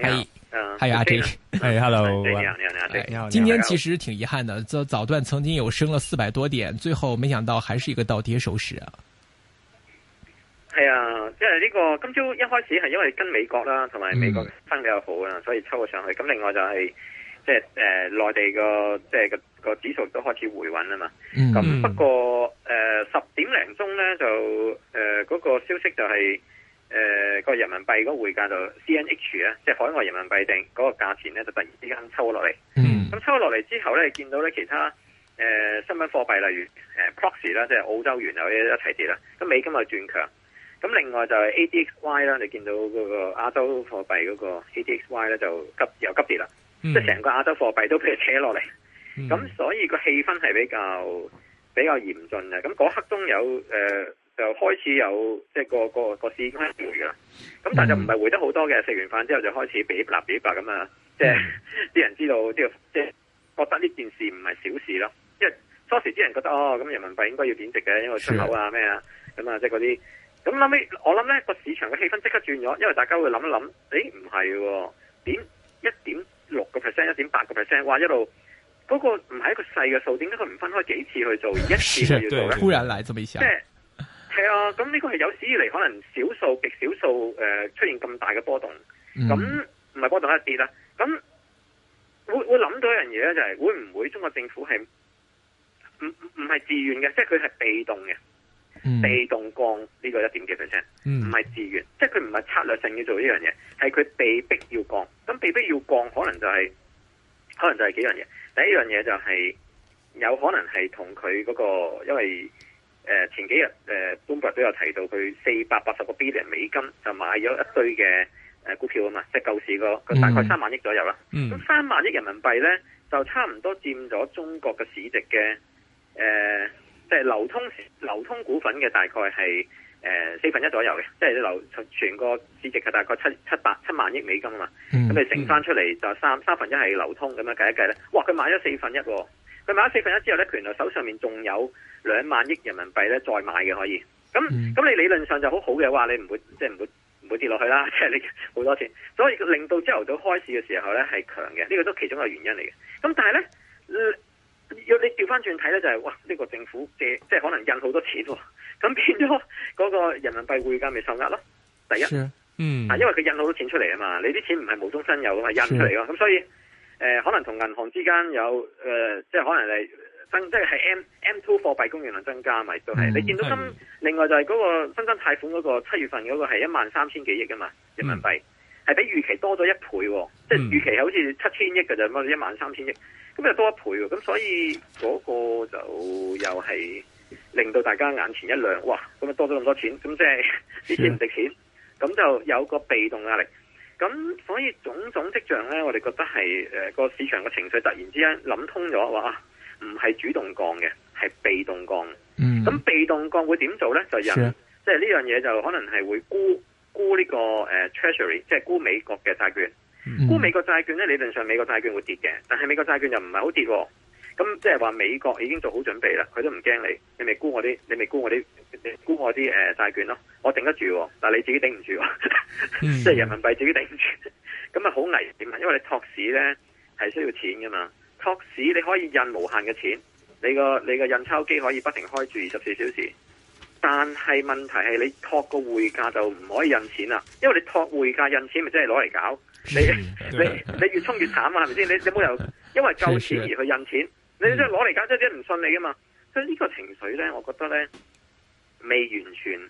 係，嗯，係阿 J，誒，Hello，你好，你好，你好，你好。今天其實挺遺憾的，早段曾經有升了四百多點，最後沒想到還是一個倒跌收市啊。係啊，即係呢個今朝一開始係因為跟美國啦，同埋美國分比較好啦，所以抽咗上去。咁另外就係即係誒內地個即係個個指數都開始回穩啦嘛。咁不過誒十點零鐘咧就誒嗰個消息就係。誒，呃那個人民幣嗰匯價就是 CNH 啊，即係海外人民幣定嗰、那個價錢咧，就突然之間抽落嚟。嗯。咁抽落嚟之後咧，你見到咧其他誒、呃，新聞貨幣例如誒 proxy 啦，呃、Pro xy, 即係澳洲元又一齊跌啦。咁美金又轉強。咁另外就係 ADXY 啦，你見到嗰個亞洲貨幣嗰個 ADXY 咧就急又急跌啦。Mm. 即係成個亞洲貨幣都俾佢扯落嚟。咁、mm. 所以個氣氛係比較比較嚴峻嘅。咁嗰刻中有誒。呃就開始有即係個個個市已經開始回㗎啦，咁但係就唔係回得好多嘅。食完飯之後就開始俾立俾白咁啊，即係啲、嗯、人知道，即係即係覺得呢件事唔係小事咯。因為初時啲人覺得哦，咁人民幣應該要貶值嘅，因為出口啊咩啊咁啊，即係嗰啲。咁後尾我諗咧個市場嘅氣氛即刻轉咗，因為大家會諗一諗，誒唔係點一點六個 percent、一點八、個 percent，哇一路嗰個唔係一個細嘅數，點解佢唔分開幾次去做一次就要做？對，突然來咁樣。係啊，咁呢個係有史以嚟可能少數極少數誒出現咁大嘅波動，咁唔係波動一啲啦，咁會會諗到一樣嘢咧，就係會唔會中國政府係唔唔係自願嘅，即係佢係被動嘅，嗯、被動降呢、這個一點幾 percent，唔係自願，嗯、即係佢唔係策略性要做呢樣嘢，係佢被迫要降，咁被迫要降可能就係、是，可能就係幾樣嘢，第一樣嘢就係、是、有可能係同佢嗰個因為。誒、呃、前幾日誒 Bloomberg 都有提到佢四百八十個 billion 美金就買咗一堆嘅誒、呃、股票啊嘛，即係舊市個大概三萬億左右啦。咁三、mm hmm. 萬億人民幣咧，就差唔多佔咗中國嘅市值嘅誒，即、呃、係、就是、流通流通股份嘅大概係誒四分一左右嘅，即、就、係、是、流全個市值嘅大概七七百七萬億美金啊嘛。咁、mm hmm. 你剩翻出嚟就三三分一係流通咁樣計一計咧，哇！佢買咗四分一喎、啊。佢買咗四分一之後咧，佢原來手上面仲有兩萬億人民幣咧，再買嘅可以。咁咁、嗯、你理論上就好好嘅話，你唔會即係唔會唔會跌落去啦。即、就、係、是、你好多錢，所以令到朝頭早開市嘅時候咧係強嘅，呢、這個都其中一個原因嚟嘅。咁但係咧，要你調翻轉睇咧，就係哇，呢、這個政府借即係可能印好多錢、哦，咁變咗嗰個人民幣匯價咪受壓咯。第一，啊、嗯，啊，因為佢印好多錢出嚟啊嘛，你啲錢唔係無中生有咁係印出嚟咯，咁、啊、所以。誒、呃，可能同銀行之間有誒、呃，即係可能你增，即係係 M M two 貨幣供應量增加咪都係。就是嗯、你見到今的另外就係嗰個新增貸款嗰個七月份嗰個係一萬三千幾億㗎嘛，人民幣係、嗯、比預期多咗一倍，嗯、即係預期係好似七千億㗎咋，乜一萬三千億，咁就多一倍，咁所以嗰個就又係令到大家眼前一亮，哇！咁啊多咗咁多錢，咁即係啲錢唔值錢，咁的 就有個被動壓力。咁所以種種跡象咧，我哋覺得係誒個市場嘅情緒突然之間諗通咗話啊，唔係主動降嘅，係被動降。嗯、mm，咁、hmm. 被動降會點做咧？就人 Sure. 即係呢樣嘢就可能係會沽沽呢個誒、呃、treasury，即係沽美國嘅債券。沽、mm hmm. 美國債券咧，理論上美國債券會跌嘅，但係美國債券又唔係好跌。咁即係話美國已經做好準備啦，佢都唔驚你，你咪沽我啲，你咪沽我啲，你沽我啲誒債券咯，我頂得住、啊，但係你自己頂唔住，啊、 住，即係人民幣自己頂唔住，咁啊好危險啊！因為你托市咧係需要錢噶嘛，托市你可以印無限嘅錢，你個你個印鈔機可以不停開住二十四小時，但係問題係你托個匯價就唔可以印錢啦，因為你托匯價印錢咪即係攞嚟搞， 你 你你越充越慘啊，係咪先？你你冇由因為夠錢而去印錢。 嗯、你即係攞嚟搞，即係啲人唔信你噶嘛？所以呢個情緒咧，我覺得咧，未完全、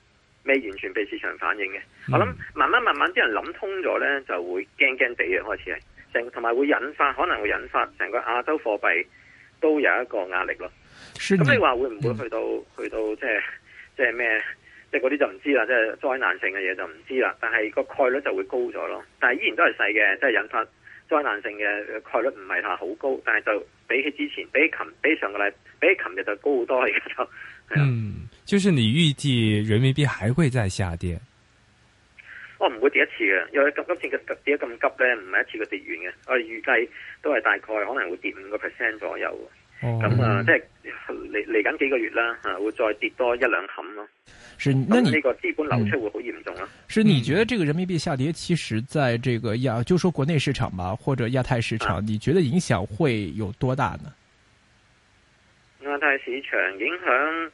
未完全被市場反應嘅。我諗慢慢、慢慢，啲人諗通咗咧，就會驚驚地嘅開始，成同埋會引發，可能會引發成個亞洲貨幣都有一個壓力咯。咁你話會唔會去到、嗯、去到即係即係咩？即係嗰啲就唔知啦，即係災難性嘅嘢就唔知啦。但係個概率就會高咗咯，但係依然都係細嘅，即係引發。災難性嘅概率唔係話好高，但係就比起之前，比起琴比起上個禮拜，比起琴日就高好多。而家就，嗯，就算、是、你預計人民幣還會再下跌？我唔、哦、會跌一次嘅，因為今今次嘅跌得咁急咧，唔係一次嘅跌完嘅，我哋預計都係大概可能會跌五個 percent 左右。咁啊，即係嚟嚟緊幾個月啦，吓會再跌多一兩冚咯。咁呢個資本流出會好嚴重啊？是，你，嗯、是你覺得這個人民幣下跌，其實在這個亞，就說國內市場吧，或者亞太市場，啊、你覺得影響會有多大呢？亞太、啊、市場影響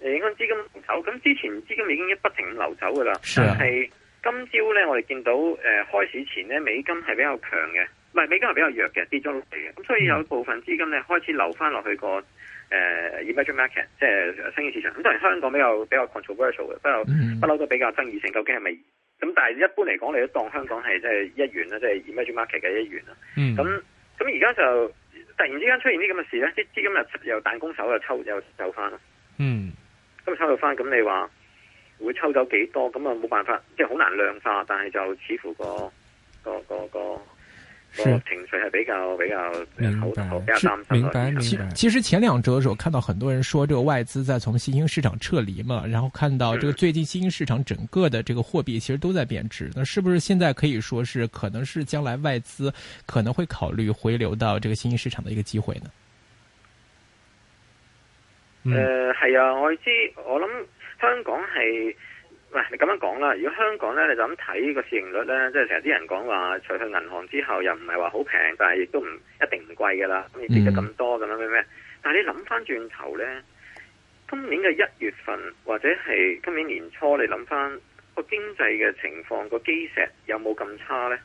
誒，影響資金走。咁、哦、之前資金已經一不停流走噶啦，啊、但係今朝咧，我哋見到誒，開、呃、市前咧，美金係比較強嘅。唔係美金係比較弱嘅，跌咗落嚟嘅，咁所以有部分資金咧開始流翻落去個誒、呃、image market，即係升市市場。咁當然香港比較比較 controversial 嘅，不嬲不嬲都比較爭議性。究竟係咪？咁但係一般嚟講，你都當香港係即係一員，啦、就，是、即係 image market 嘅一員。啦、嗯。咁咁而家就突然之間出現啲咁嘅事咧，啲資金又彈弓手又抽又走翻。嗯，咁抽到翻，咁你話會抽走幾多？咁啊冇辦法，即係好難量化，但係就似乎個個個個。那個那個。情緒係比較比較白比較擔心其，其實前兩週嘅時候我看到很多人說，這個外資在從新興市場撤離嘛，然後看到這個最近新興市場整個的這個貨幣其實都在貶值，嗯、那是不是現在可以說是可能是將來外資可能會考慮回流到這個新興市場的一個機會呢？嗯、呃係啊，我知我諗香港係。喂，你咁樣講啦，如果香港呢，你就咁睇個市盈率呢，即係成日啲人講話，除去銀行之後又唔係話好平，但係亦都唔一定唔貴噶啦。咁你跌得咁多咁、嗯、樣咩咩？但係你諗翻轉頭呢，今年嘅一月份或者係今年年初，你諗翻個經濟嘅情況，個基石有冇咁差呢？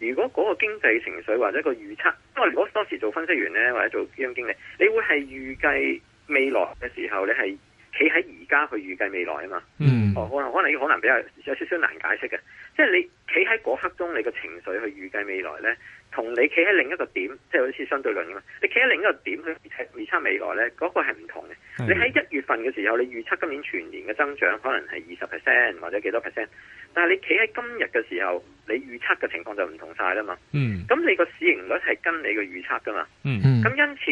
如果嗰個經濟情緒或者個預測，因為如果當時做分析員呢，或者做基金經理，你會係預計未來嘅時候你係？企喺而家去預計未來啊嘛，嗯、哦可能可能可能比較有少少難解釋嘅，即係你企喺嗰刻中你個情緒去預計未來咧，同你企喺另一個點，即係好似相對論啊嘛，你企喺另一個點去預測未來咧，嗰個係唔同嘅。你喺一月份嘅時候，你預測今年全年嘅增長可能係二十 percent 或者幾多 percent，但係你企喺今日嘅時候，你預測嘅情況就唔同晒啦嘛。嗯，咁你個市盈率係跟你個預測噶嘛。嗯嗯，咁因此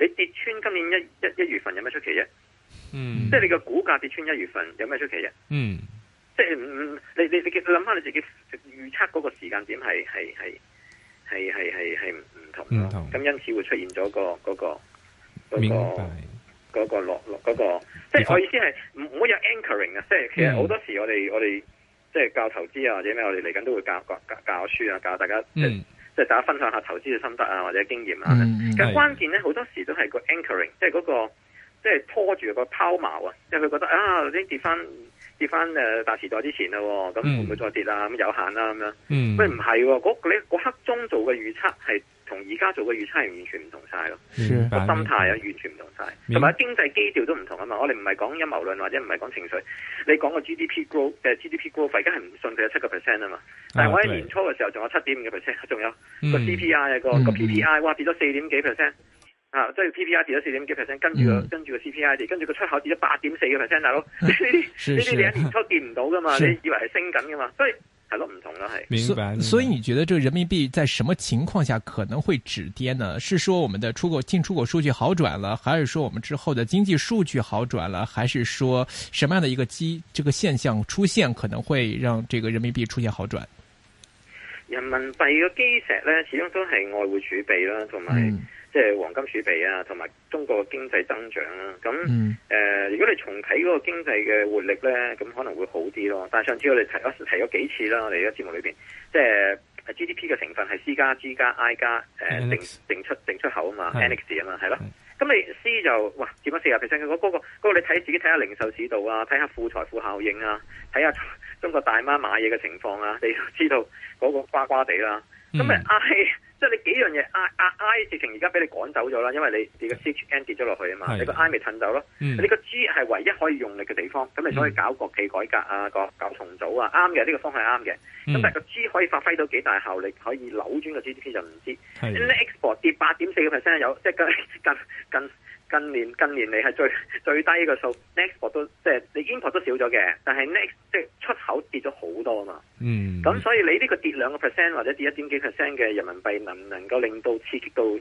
你跌穿今年一一一月份有咩出奇啫？嗯，即係你個股價跌穿一月份有咩出奇啊？嗯，即係唔你你你諗下你自己預測嗰個時間點係係係係係係唔同、唔同，咁因此會出現咗，嗰個嗰，嗰個明白，嗰個，嗰個落落嗰個，即係我意思係唔明白會有 anchoring 啊！即係其實好多時我哋我哋即係教投資啊或者咩，我哋嚟緊都會教教教書啊教大家，嗯、即係即係大家分享下投資嘅心得啊或者經驗啊。咁，嗯，關鍵咧好多時都係個 anchoring，即係嗰，嗰個。即係拖住個拋錨啊！即係佢覺得啊，已經跌翻跌翻誒大時代之前啦，咁會唔會再跌啊？咁、嗯、有限啦，咁樣。嗯，不過唔係喎，你嗰刻鐘做嘅預測係同而家做嘅預測係完全唔同晒咯。嗯，個心態啊，完全唔同晒。同埋、嗯、經濟基調都唔同啊嘛。我哋唔係講陰謀論或者唔係講情緒，你講個 GDP grow 嘅 GDP growth 而家係唔信佢有七個 percent 啊嘛。但係我喺年初嘅時候仲有七點五嘅 percent，仲有個 CPI 啊、嗯、個 PPI 哇跌咗四點幾 percent。啊，即、就、係、是、PPI 跌咗四點幾 percent，跟住個、嗯、跟住個 CPI 跌，跟住個出口跌咗八點四個 percent，大佬呢啲呢啲你一年初見唔到㗎嘛？是你以為係升緊㗎嘛？所以係咯，唔同喇係。是，明白所。所以你覺得這個人民幣在什麼情況下可能會止跌呢？是說我們的出口進出口數據好轉了，還是說我們之後的經濟數據好轉了，還是說什麼樣的一個基這個現象出現可能會讓這個人民幣出現好轉？人民幣嘅基石咧，始終都係外匯儲備啦，同埋、嗯。即係黃金儲備啊，同埋中國經濟增長啦、啊。咁誒、嗯呃，如果你重睇嗰個經濟嘅活力咧，咁可能會好啲咯。但係上次我哋提咗提咗幾次啦，我哋而家節目裏面，即係 GDP 嘅成分係 C 加 G 加 I 加、呃、N X, 定定出定出口啊嘛，NX 啊嘛，係咯是的。咁是的 你 C 就哇佔咗四十 percent，嗰個嗰、那個那個、你睇自己睇下零售指導啊，睇下負財富效應啊，睇下中國大媽買嘢嘅情況啊，你都知道嗰個瓜瓜地啦。咁啊 I、嗯即係你幾樣嘢 I I 直情而家俾你趕走咗啦，因為你你 c H N 跌咗落去啊嘛，的你個 I 未褪走咯，嗯、你個 G 係唯一可以用力嘅地方，咁你所以搞國企改革啊，個搞重組啊，啱嘅，呢、呢個方向啱嘅，咁但係個 G 可以發揮到幾大效力，可以扭轉個 GDP 就唔知。呢 export 跌八點四個 percent 有，即係近。近近近年近年嚟係最最低嘅數，export 都即係、就是、你 import 都少咗嘅，但係 next 即係出口跌咗好多嘛。嗯，咁所以你呢個跌兩個 percent 或者跌一點幾 percent 嘅人民幣，能唔能夠令到刺激到即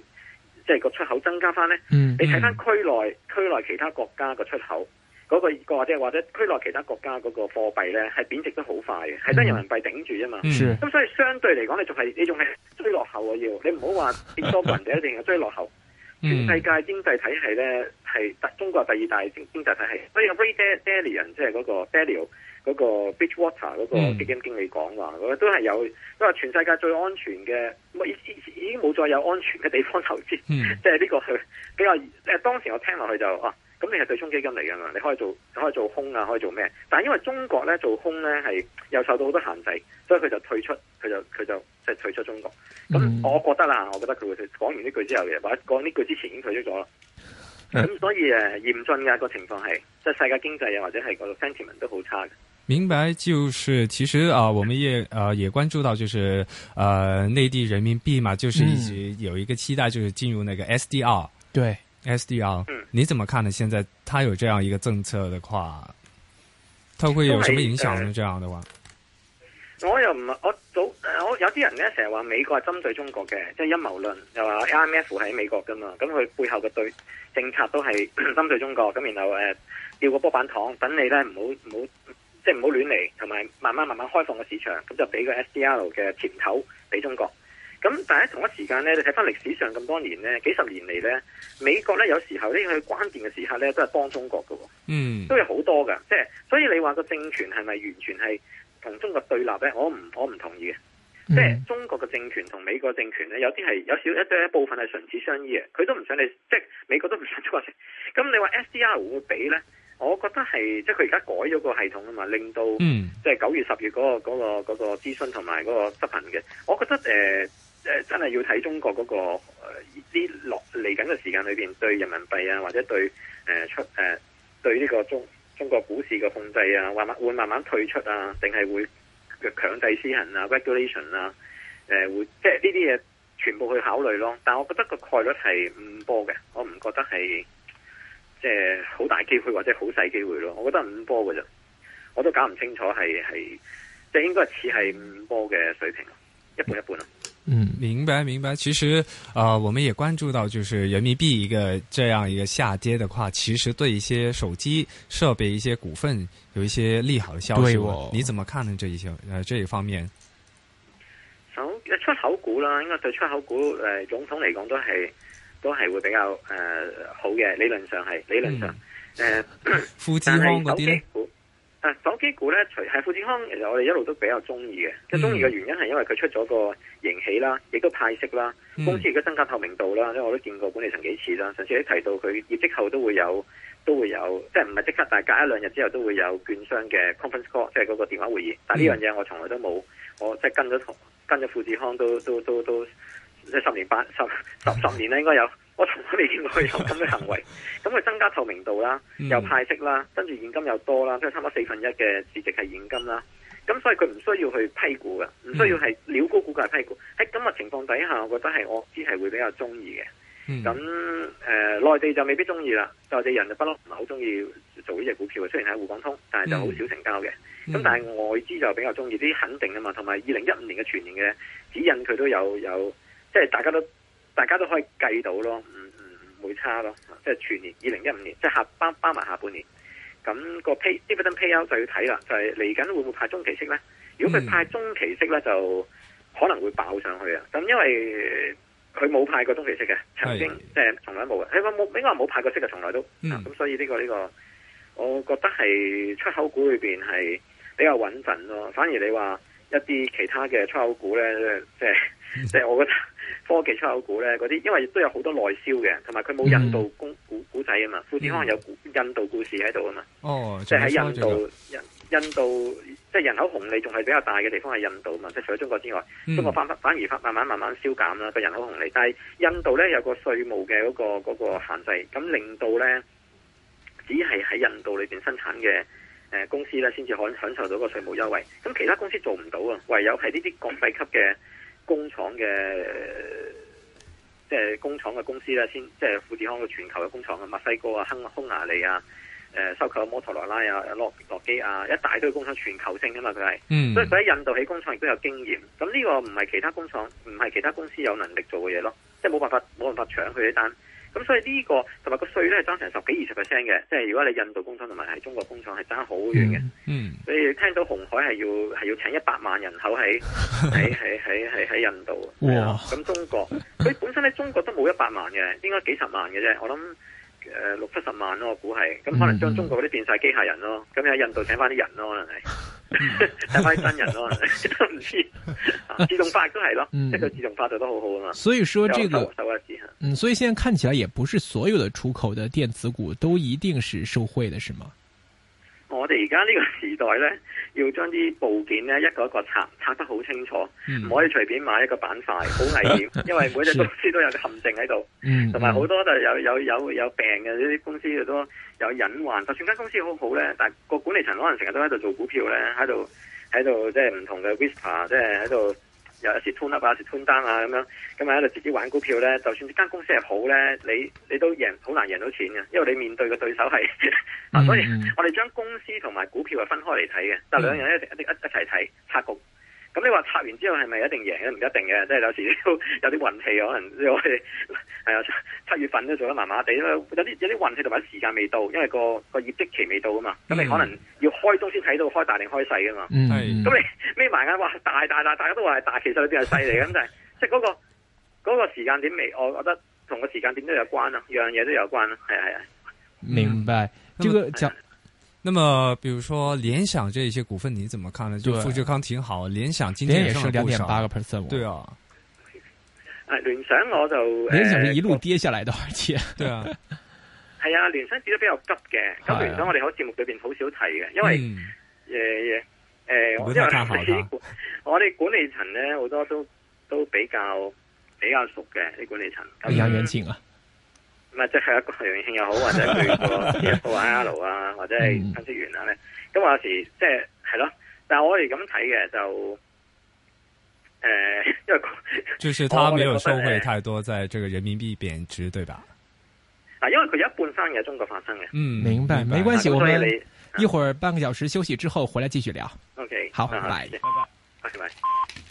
係、就是、個出口增加翻咧、嗯？嗯，你睇翻區內區內其他國家個出口嗰、那個，或者或者區內其他國家嗰個貨幣咧，係貶值得好快嘅，係得、嗯、人民幣頂住啫嘛。嗯，咁所以相對嚟講，你仲係你仲係追落後喎。你要你唔好話跌多過人哋一定係追落後。 嗯、全世界經濟體系咧係大中國第二大經經濟體系，所以 Ray Dal Dalian 即係嗰、那個 Dalio 嗰個 Bridge Water 嗰個基金經理講話，佢、那個、都係有都話全世界最安全嘅，已經經冇再有安全嘅地方投資，即係呢個佢比較當時我聽落去就啊。咁你係對沖基金嚟噶嘛？你可以做，可以做空啊，可以做咩？但係因為中國咧做空咧係又受到好多限制，所以佢就退出，佢就佢就即係退出中國。咁、嗯、我覺得啦，我覺得佢會退。講完呢句之後嘅，或者講呢句之前已經退出咗啦。咁、嗯、所以誒、啊、嚴峻嘅、那個情況係，即、就、係、是、世界經濟啊或者係個 sentiment 都好差嘅。明白，就是其實啊，我們也啊、呃、也關注到，就是啊、呃、內地人民幣嘛，就是一直有一個期待，就是進入那個 SDR、嗯。對。S D R，嗯，你怎麼看呢？現在他有這樣一個政策的話，他會有什麼影響呢？這樣的話，我又唔係我早，我，我有啲人咧成日話美國係針對中國嘅，即係陰謀論又話 I M F 喺美國噶嘛，咁佢背後嘅對政策都係 針對中國，咁然後誒調個波板糖，等你咧唔好唔好，即係唔好亂嚟，同埋慢慢慢慢開放個市場，咁就俾個 S D R 嘅甜頭俾中國。咁但喺同一時間咧，你睇翻歷史上咁多年咧，幾十年嚟咧，美國咧有時候呢佢關鍵嘅時刻咧，都係幫中國嘅、哦，嗯，都有好多㗎。即、就、係、是、所以你話個政權係咪完全係同中國對立咧？我唔我唔同意嘅，即係、嗯、中國嘅政權同美國政權咧，有啲係有少一一部分係唇齒相依嘅，佢都唔想你，即、就、係、是、美國都唔想中國。咁你話 S D R 會俾咧？我覺得係即係佢而家改咗個系統啊嘛，令到即係九月十月嗰、那個嗰、那個嗰、那個那個諮詢同埋嗰個執行嘅，我覺得、呃誒，真係要睇中國嗰、那個誒，啲落嚟緊嘅時間裏邊，對人民幣啊，或者對誒、呃、出誒、呃，對呢個中中國股市嘅控制啊，或慢會慢慢退出啊，定係會強制施行啊，regulation 啊，誒、呃，會即係呢啲嘢全部去考慮咯。但係我覺得個概率係五波嘅，我唔覺得係即係好大機會或者好細機會咯。我覺得五波嘅啫，我都搞唔清楚係係即係應該似係五波嘅水平，一半一半咯。嗯，明白明白。其實，呃，我們也關注到，就是人民幣一個這樣一個下跌的話，其實對一些手機設備一些股份有一些利好的消息啊。對、哦、你怎麼看呢？這一些呃這一方面？手出口股啦，應該對出口股。誒、呃，總體嚟講都係都係會比較誒、呃、好嘅，理論上係理論上誒富士康嗰啲啊！手機股咧，除係富士康，其實我哋一路都比較中意嘅。即係中意嘅原因係因為佢出咗個盈喜啦，亦都派息啦，公司亦都增加透明度啦。因為我都見過管理層幾次啦，上次都提到佢業績後都會有，都會有，即係唔係即刻，但係隔一兩日之後都會有券商嘅 conference call，即係嗰個電話會議。但係呢樣嘢我從來都冇，我即係跟咗同跟咗富士康都都都都即係十年八十十十年啦，應該有。 我從來未見過佢有咁嘅行為，咁佢增加透明度啦，又派息啦，跟住現金又多啦，即係差唔多四分一嘅市值係現金啦。咁所以佢唔需要去批股嘅，唔需要係了高股價批股，喺咁嘅情況底下，我覺得係我資係會比較中意嘅。咁誒、呃，內地就未必中意啦，內地人不嬲唔係好中意做呢隻股票嘅，雖然係滬港通，但係就好少成交嘅。咁 但係外資就比較中意啲肯定㗎嘛，同埋二零一五年嘅全年嘅指引佢都有有，即係大家都。大家都可以計到咯，唔唔唔會差咯，即係全年二零一五年，即係下包包埋下半年。咁、那個 pay dividend payout 就要睇啦，就係嚟緊會唔會派中期息咧？嗯、如果佢派中期息咧，就可能會爆上去啊！咁因為佢冇派過中期息嘅，曾經即係、啊、從來冇嘅，係咪冇？應該冇派過息嘅，從來都，咁、嗯嗯、所以呢個呢個，這個、我覺得係出口股裏邊係比較穩陣咯。反而你話一啲其他嘅出口股咧，即係即係我覺得。科技出口股咧，嗰啲因為都有好多內銷嘅，同埋佢冇印度古古古仔啊嘛，富士康有古、嗯、印度故事喺度啊嘛，哦、即係喺印度、印印度，即係人口紅利仲係比較大嘅地方係印度啊嘛，即係除咗中國之外，嗯、中國反反而慢慢慢慢消減啦，個人口紅利，但係印度咧有個稅務嘅嗰、嗰個嗰個限制，咁令到咧只係喺印度裏邊生產嘅誒、呃、公司咧先至可享受到個稅務優惠，咁其他公司做唔到啊，唯有係呢啲國際級嘅。工廠嘅即係工廠嘅公司咧，先即係富士康嘅全球嘅工廠啊，墨西哥啊、匈匈牙利啊、誒、呃、收購摩托羅拉啊、諾諾基亞，一大堆工廠全球性噶嘛，佢係，嗯、所以佢喺印度起工廠亦都有經驗。咁呢個唔係其他工廠，唔係其他公司有能力做嘅嘢咯，即係冇辦法，冇辦法搶佢呢單。咁所以、呢個、個稅呢個同埋個稅咧係爭成十幾二十 percent 嘅，即係如果你印度工廠同埋喺中國工廠係爭好遠嘅，嗯。嗯，所以聽到鴻海係要係要請一百萬人口喺喺喺喺喺印度。哇！咁中國，佢本身咧中國都冇一百萬嘅，應該幾十萬嘅啫。我諗。誒，六七十萬咯，我估係，咁可能將中國嗰啲變晒機械人咯，咁又喺印度請翻啲人咯，可能係，請翻啲 新人咯， 都唔知，啊、自動化都係咯，一係、嗯、自動化做得好好啊嘛。所以說呢、這個，嗯，所以現在看起來也不是所有的出口的電子股都一定是受惠的，是嗎？我哋而家呢個時代咧，要將啲部件咧一個一個拆，拆得好清楚，嗯，唔可以隨便買一個板塊，好危險，因為每隻公司都有個陷阱喺度，同埋好多就有有有有病嘅呢啲公司都有隱患。就算間公司好好咧，但個管理層可能成日都喺度做股票咧，喺度喺度即係唔同嘅 whisper，即係喺度。有啲 up 啊，有 down 單啊，咁樣。咁喺度自己玩股票咧，就算間公司係好咧，你你都贏，好難贏到錢嘅，因為你面對嘅對手係、mm hmm. 啊，所以我哋將公司同埋股票係分開嚟睇嘅，但兩樣一、mm hmm. 一啲一一齊睇拆局。咁你話拆完之後係咪一定贏咧？唔一定嘅，即係有時都有啲運氣，可能即係我哋係啊，七月份都做得麻麻地啦。有啲有啲運氣，同埋時間未到，因為個個業績期未到啊嘛。咁、嗯、你可能要開中先睇到開大定開細啊嘛。係、嗯。咁你眯埋眼話大大大，大家都話係大，其實裏邊係細嚟，咁就係，即係嗰個嗰、嗰個時間點未，我覺得同個時間點都有關啊。樣嘢都有關啦。係係啊。明白。個、嗯 那麼，比如說聯想這些股份，你怎麼看呢？對就富士康挺好，聯想今天也，剩也是兩點八個 percent，對啊。聯想我就、呃、聯想是一路跌下來的，呃、而且 對啊，係啊，聯想跌得比較急嘅，咁聯想我哋喺節目裏邊好少睇嘅，因為誒誒，我因為啲我哋管理層咧好多都都比較比較熟嘅啲管理層，比較、嗯哎、遠景啊。即係一個楊慶又好，或者佢個個 l o 啊， 或者係分析員啊咧，咁我有時即係係咯，但係我哋咁睇嘅就、呃、因為、那個、就是他沒有收費太多，在這個人民幣貶值，啊呃、對吧？嗱、啊，因為佢一半生意喺中國發生嘅，嗯，明白，沒關係、啊、我們一會兒半個小時休息之後回來繼續聊。OK，好，拜拜、啊，拜拜 bye，拜拜。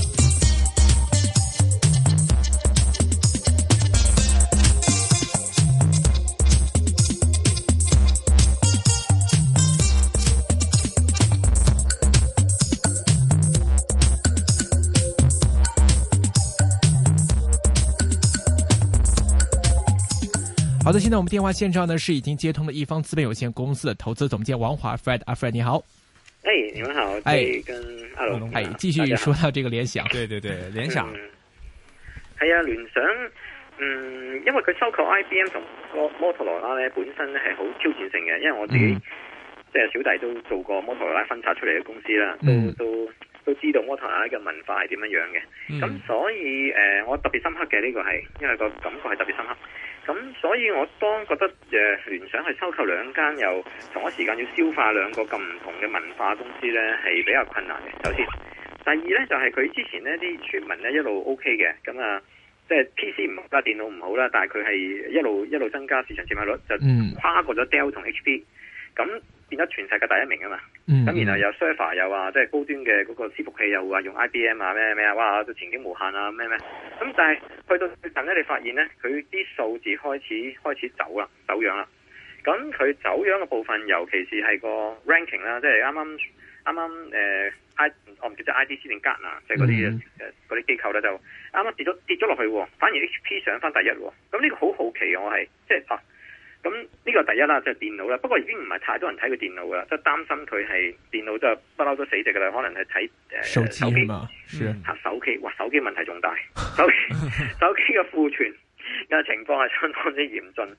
好的，現在我們電話線上呢是已經接通了一方資本有限公司的投資總監王華 Fred，啊 Fred 你好。Hey, 你們好。你跟 Hello 繼續說到這個聯想。對對對，聯想。係、嗯、啊，聯想，嗯，因為佢收購 IBM 同摩托羅拉咧，本身咧係好挑戰性嘅，因為我自己即係、嗯、小弟都做過摩托羅拉分拆出嚟嘅公司啦、嗯，都都。都知道摩托拉嘅文化係點樣樣嘅，咁、嗯、所以誒、呃、我特別深刻嘅呢、這個係，因為個感覺係特別深刻。咁所以我當覺得誒聯、呃、想去收購兩間又同一時間要消化兩個咁唔同嘅文化公司呢係比較困難嘅。首先，第二呢就係、是、佢之前呢啲傳聞呢一路 OK 嘅，咁啊即係 PC 唔好啦，電腦唔好啦，但係佢係一路一路增加市場佔有率，就跨過咗 Dell 同 HP。咁變咗全世界第一名啊嘛，咁、嗯、然後又 server 又話即係高端嘅嗰個伺服器又話用 IBM 啊咩咩啊，哇都前景無限啊咩咩，咁但係去到最近咧，你發現咧佢啲數字開始開始走啦，走樣啦，咁佢走樣嘅部分，尤其是係個 ranking 啦，即係啱啱啱啱 I 我唔記得 IDC 定 Gartner，即係嗰啲嗰啲機構咧就啱啱跌咗跌咗落去，反而 HP 上翻第一喎，咁呢個好好奇我係即係啊。咁呢個第一啦，就係、是、電腦啦。不過已經唔係太多人睇佢電腦啦，即係擔心佢係電腦都係不嬲都死直噶啦。可能係睇誒手機吓手，機的手機，哇！手機問題仲大，手 手機嘅庫存嘅情況係相當之嚴峻。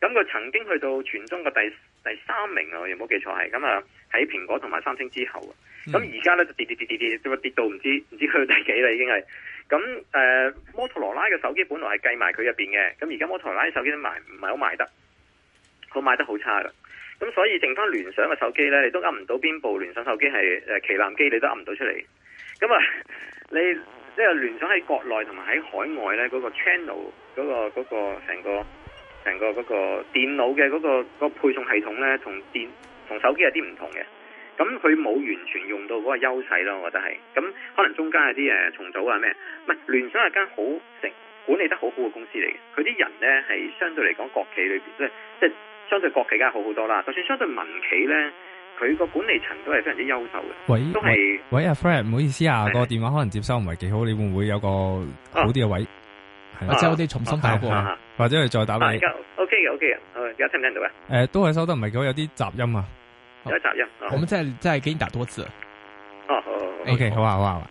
咁佢曾經去到全中國第第三名啊，有冇記錯係咁啊，喺蘋果同埋三星之後啊，咁而家咧就跌跌跌跌，跌到唔知唔知去到第幾啦，已經係。咁誒、呃，摩托羅拉嘅手機本來係計埋佢入邊嘅，咁而家摩托羅拉手機都賣唔係好賣得。佢賣得好差嘅，咁所以剩翻聯想嘅手機呢，你都噏唔到邊部聯想手機係誒、呃、旗艦機你，你都噏唔到出嚟。咁啊，你即係聯想喺國內同埋喺海外呢，嗰、嗰個 channel 嗰、嗰個嗰成、嗰個成個嗰個，個電腦嘅嗰、嗰個嗰個配送系統呢，同電同手機有啲唔同嘅。咁佢冇完全用到嗰個優勢咯，我覺得係。咁可能中間有啲誒重組啊咩？唔係聯想係間好成管理得好好嘅公司嚟嘅，佢啲人呢，係相對嚟講國企裏邊即係相對國企梗係好好多啦，就算相對民企咧，佢個管理層都係非常之優秀嘅。喂喂，喂啊 Fred，唔好意思啊，個電話可能接收唔係幾好，你會唔會有個好啲嘅位？或者我哋重新打過，或者我再打俾你。O K 嘅，O K 嘅，而家聽唔聽到啊？誒，都係收得唔係幾好，有啲雜音啊。有雜音啊。我們再再給你打多次。哦，O K，好啊，好啊。.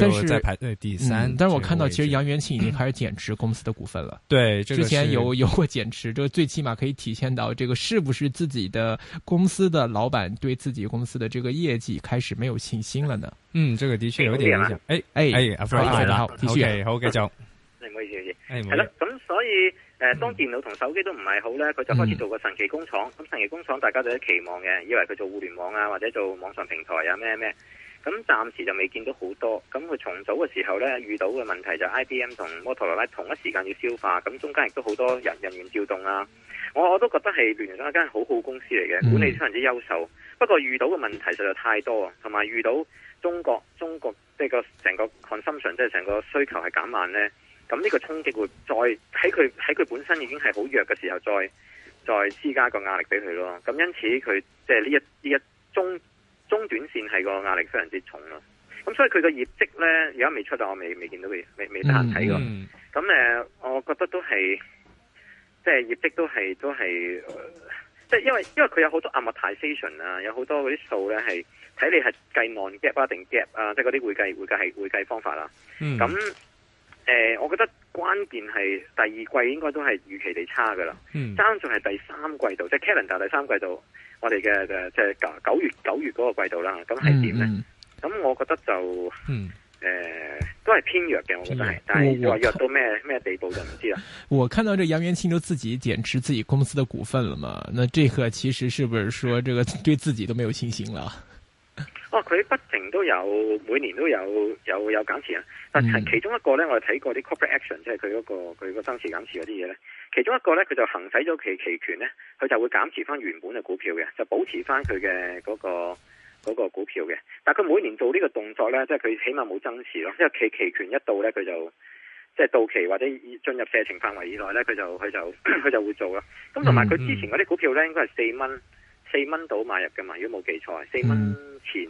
但是，排第三。但是我看到，其實楊元慶已經開始減持公司的股份了。對，之前有有過減持，這個最起碼可以體現到這個是不是自己的公司的老板對自己公司的這個業績開始沒有信心了呢？嗯，這個的確有點影響。哎哎哎，阿 Fred 太好，朱記好嘅就，誒，唔好意思，唔好意思，係啦。咁所以，誒，當電腦同手機都唔係好咧，佢就開始做個神奇工廠。咁神奇工廠，大家都有期望嘅，以為佢做互聯網啊，或者做網上平台啊，咩咩。咁暫時就未見到好多，咁佢重組嘅時候呢，遇到嘅問題就 IBM 同摩托羅拉同一時間要消化，咁中間亦都好多人人員調動啦、啊。我我都覺得係聯想一間好好公司嚟嘅，管理非常之優秀。不過遇到嘅問題實在太多啊，同埋遇到中國中國即係、就是、個成個 consumption 即係成個需求係減慢呢。咁呢個衝擊會再喺佢喺佢本身已經係好弱嘅時候，再再施加個壓力俾佢咯。咁因此佢即係呢一呢一中。中短線係個壓力非常之重咯、啊，咁所以佢嘅業績呢，而家未出啊，我未未見到佢，未未得閒睇嘅。咁誒、mm hmm.，我覺得都係，即係業績都係都係、呃，即係因為因為佢有好多 amortisation 啊，有好多嗰啲數呢，係睇你係計按 gap 啊定 gap 啊，即係嗰啲會計會計係會，會計方法啦。咁、mm hmm. 誒、呃，我覺得關鍵係第二季應該都係預期地差嘅啦。爭仲係第三季度，即、就、係、是、calendar 第三季度，我哋嘅、呃、就就九九月九月嗰個季度啦。咁係點咧？咁、嗯、我覺得就誒、嗯呃、都係偏弱嘅弱是，我覺得係，但係話弱到咩咩地步就唔知啦。我看到這楊元慶都自己減持自己公司的股份了嘛？那這個其實是不是說這個對自己都沒有信心了？哦，佢不停都有，每年都有有有減持啊！但係其中一個咧，我哋睇過啲 corporate action，即係佢嗰個佢個增持減持嗰啲嘢咧。其中一個咧，佢就行使咗其期權咧，佢就會減持翻原本嘅股票嘅，就保持翻佢嘅嗰個嗰個、嗰個嗰個、股票嘅。但佢每年做呢個動作咧，即係佢起碼冇增持咯，因為其期權一到咧，佢就即係到期或者進入射程範圍以內咧，佢就佢就佢 就會做咯。咁同埋佢之前嗰啲股票咧，應該係四蚊。四蚊到買入嘅嘛，如果冇記錯，四蚊前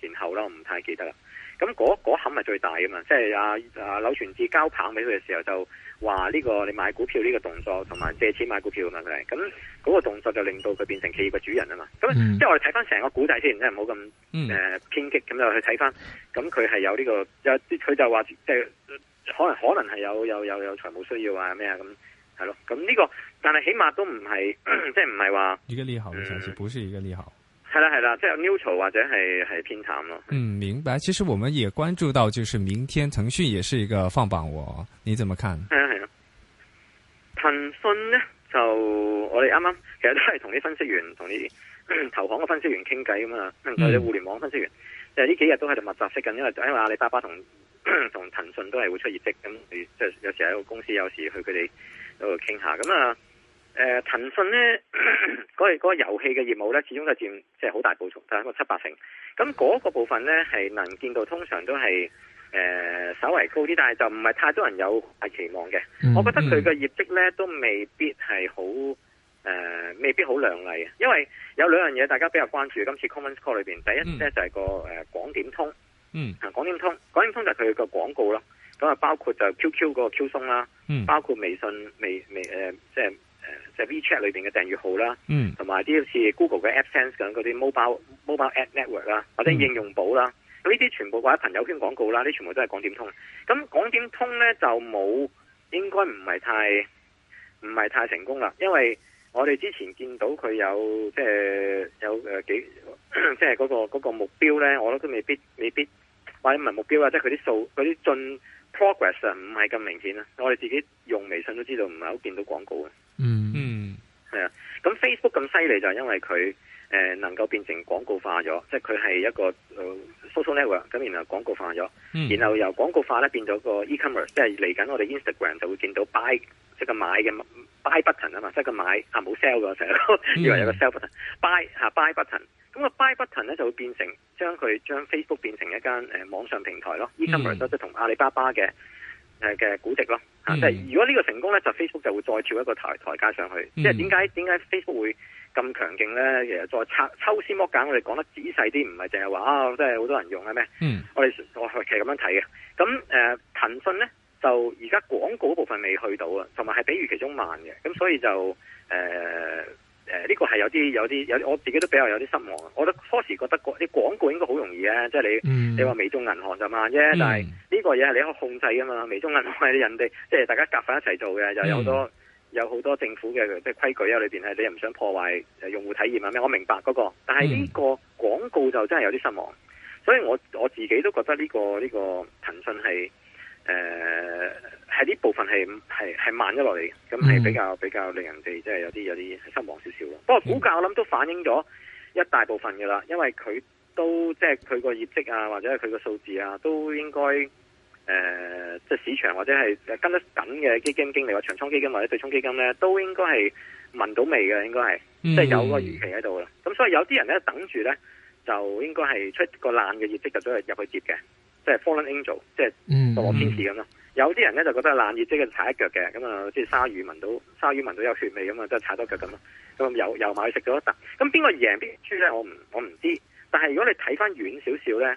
前後啦，我唔太記得啦。咁嗰冚係最大啊嘛，即係阿阿柳傳志交棒俾佢嘅時候就話呢個你買股票呢個動作同埋借錢買股票咁啊嘛，咁嗰個動作就令到佢變成企業嘅主人啊嘛。咁、嗯、即係我哋睇翻成個股債先，即係唔好咁誒偏激咁、這個、就去睇翻。咁佢係有呢個有啲，佢就話即係可能可能係有有有有財務需要啊咩啊咁。什麼係咯，咁呢、這個，但係起碼都唔係，即係唔係話一個利好的消息，嗯、不是一個利好，係啦係啦，即係、就是、neutral 或者係係偏淡咯。嗯，明白。其實我們也關注到，就是明天騰訊也是一個放榜我，我你怎麼看？係啊係啊，騰訊咧就我哋啱啱其實都係同啲分析員，同啲投行嘅分析員傾偈㗎嘛，嗯、或者互聯網分析員。就係呢幾日都喺度密集式緊，因為因為阿里巴巴同同騰訊都係會出業績，咁即係有時喺個公司有時去佢哋度傾下。咁啊，誒騰訊咧嗰個嗰個遊戲嘅業務咧，始終都係佔即係好大比重，大概七八成。咁、那、嗰個部分咧係能見度通常都係誒、呃、稍為高啲，但係就唔係太多人有期望嘅。嗯、我覺得佢嘅業績咧、嗯、都未必係好。誒、呃，未必好亮麗啊！因為有兩樣嘢大家比較關注，今次 Common Call 裏邊，第一咧就係、是、個誒廣、呃、點通，嗯，廣點通，廣點通就係佢個廣告啦。咁啊，包括就 QQ 個 Q Song 啦，嗯，包括微信微微誒，即係誒、呃、即係 WeChat 裏邊嘅訂閱號啦，嗯，同埋啲好似 Google 嘅 App Sense 咁嗰啲 mobile mobile ad network 啦，或者應用寶啦，咁呢啲全部掛喺朋友圈廣告啦，呢全部都係廣點通。咁廣點通咧就冇，應該唔係太唔係太成功啦，因為。我哋之前見到佢有即係有、呃、幾，即係嗰、嗰個嗰、嗰個、目標咧，我覺得都未必未必，或者唔係目標啊，即係佢啲數啲進 progress 啊，唔係咁明顯啊。我哋自己用微信都知道，唔係好見到廣告、嗯、啊。嗯嗯，係啊。咁 Facebook 咁犀利就係、係、因為佢。誒能夠變成廣告化咗，即係佢係一個 social network，咁然後廣告化咗，嗯、然後由廣告化咧變咗個 e-commerce，即係嚟緊我哋 Instagram 就會見到 buy 即係個買嘅 buy button 啊嘛，即、就、係、是啊、個買嚇冇 sell 嘅，成日、嗯、 以為有個 sell button，buy 嚇、啊、buy button，咁個 buy button 咧就會變成將佢將 Facebook 變成一間誒、呃、網上平台咯、嗯、e-commerce、嗯、即係同阿里巴巴嘅嘅、呃、估值咯、嗯、即係如果呢個成功咧，就 Facebook 就會再跳一個台台階上去。嗯、即係點解點解 Facebook 會？咁強勁咧，其實再拆抽絲剝繭，我哋講得仔細啲，唔係淨係話啊，即係好多人用啊咩？嗯，我哋我其實咁樣睇嘅。咁誒騰訊咧，就而家廣告嗰部分未去到啊，同埋係比預期中慢嘅。咁所以就誒誒，呢個係有啲有啲有啲，我自己都比較有啲失望。我覺得初時覺得啲廣告應該好容易嘅，即係你、嗯、你話微眾銀行咋嘛啫，嗯、但係呢個嘢係你可以控制噶嘛。微眾銀行係人哋即係大家夾翻一齊做嘅，就有好多。嗯有好多政府嘅即係規矩啊，裏邊係你又唔想破壞用戶體驗啊咩？我明白嗰、那個，但係呢個廣告就真係有啲失望，所以我我自己都覺得呢、這個呢、這個騰訊係誒係呢部分係係係慢咗落嚟嘅，咁係比較比較令人哋即係有啲有啲失望少少咯。不過估計我諗都反映咗一大部分嘅啦，因為佢都即係佢個業績啊，或者係佢個數字啊，都應該。誒、呃，即係市場或者係跟得緊嘅基金經理或長倉基金或者對沖基金呢，都應該係聞到味嘅，應該係即係有個預期喺度啦。咁、嗯、所以有啲人呢，等住呢，就應該係出個爛嘅業績就咁入去接嘅，即係 Fallen Angel，即係落天使咁咯。有啲人呢，就覺得爛業績踩一腳嘅，咁啊即係鯊魚聞到，鯊魚聞到有血味咁啊，即係踩多腳咁咯。咁又又買去食咗一啖，咁邊個贏邊個輸呢？我唔我唔知道。但係如果你睇翻遠少少呢。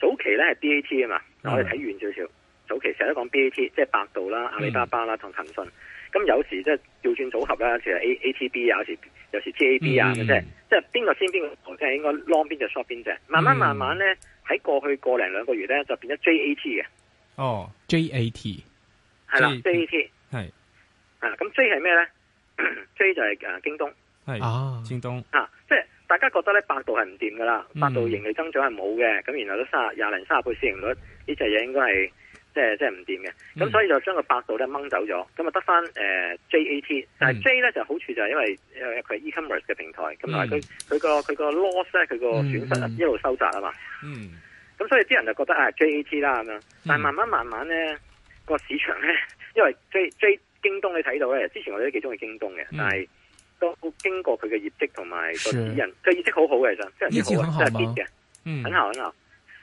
早期咧係 BAT 啊嘛，嗯、我哋睇遠少少，早期成日都講 BAT，即係百度啦、阿里巴巴啦同騰訊。咁、嗯、有時即係調轉組合啦，有時 ATB 啊、就是，有時有時 JAB 啊即係邊個先邊個即係應該 long 邊就 short 邊啫。慢慢慢慢咧，喺過去過零兩個月咧就變咗 JAT 嘅。哦，JAT 係啦，JAT 係是啊，咁 J 係咩咧？J 就係誒京東，係啊，京東啊，即係。大家覺得咧百度係唔掂嘅啦，嗯、百度盈利增長係冇嘅，咁然後都三廿零三十倍市盈率呢隻嘢應該係即係即係唔掂嘅，咁、嗯、所以就將個百度咧掹走咗，咁啊得翻誒 JAT，但係 J 咧就好處就係因為佢係、呃、e-commerce 嘅平台，咁同埋佢佢個佢個 loss 咧佢個損失一路收窄啊、嗯、嘛，嗯，咁所以啲人就覺得啊、呃、JAT 啦咁樣，嗯、但係慢慢慢慢咧個市場咧，因為 J J, J 京東你睇到咧，之前我哋都幾中意京東嘅，嗯、但係。都經過佢嘅業績同埋個指引，佢是業績好好嘅其實，業績好啊，真係 beat 嘅，嗯，很好很好。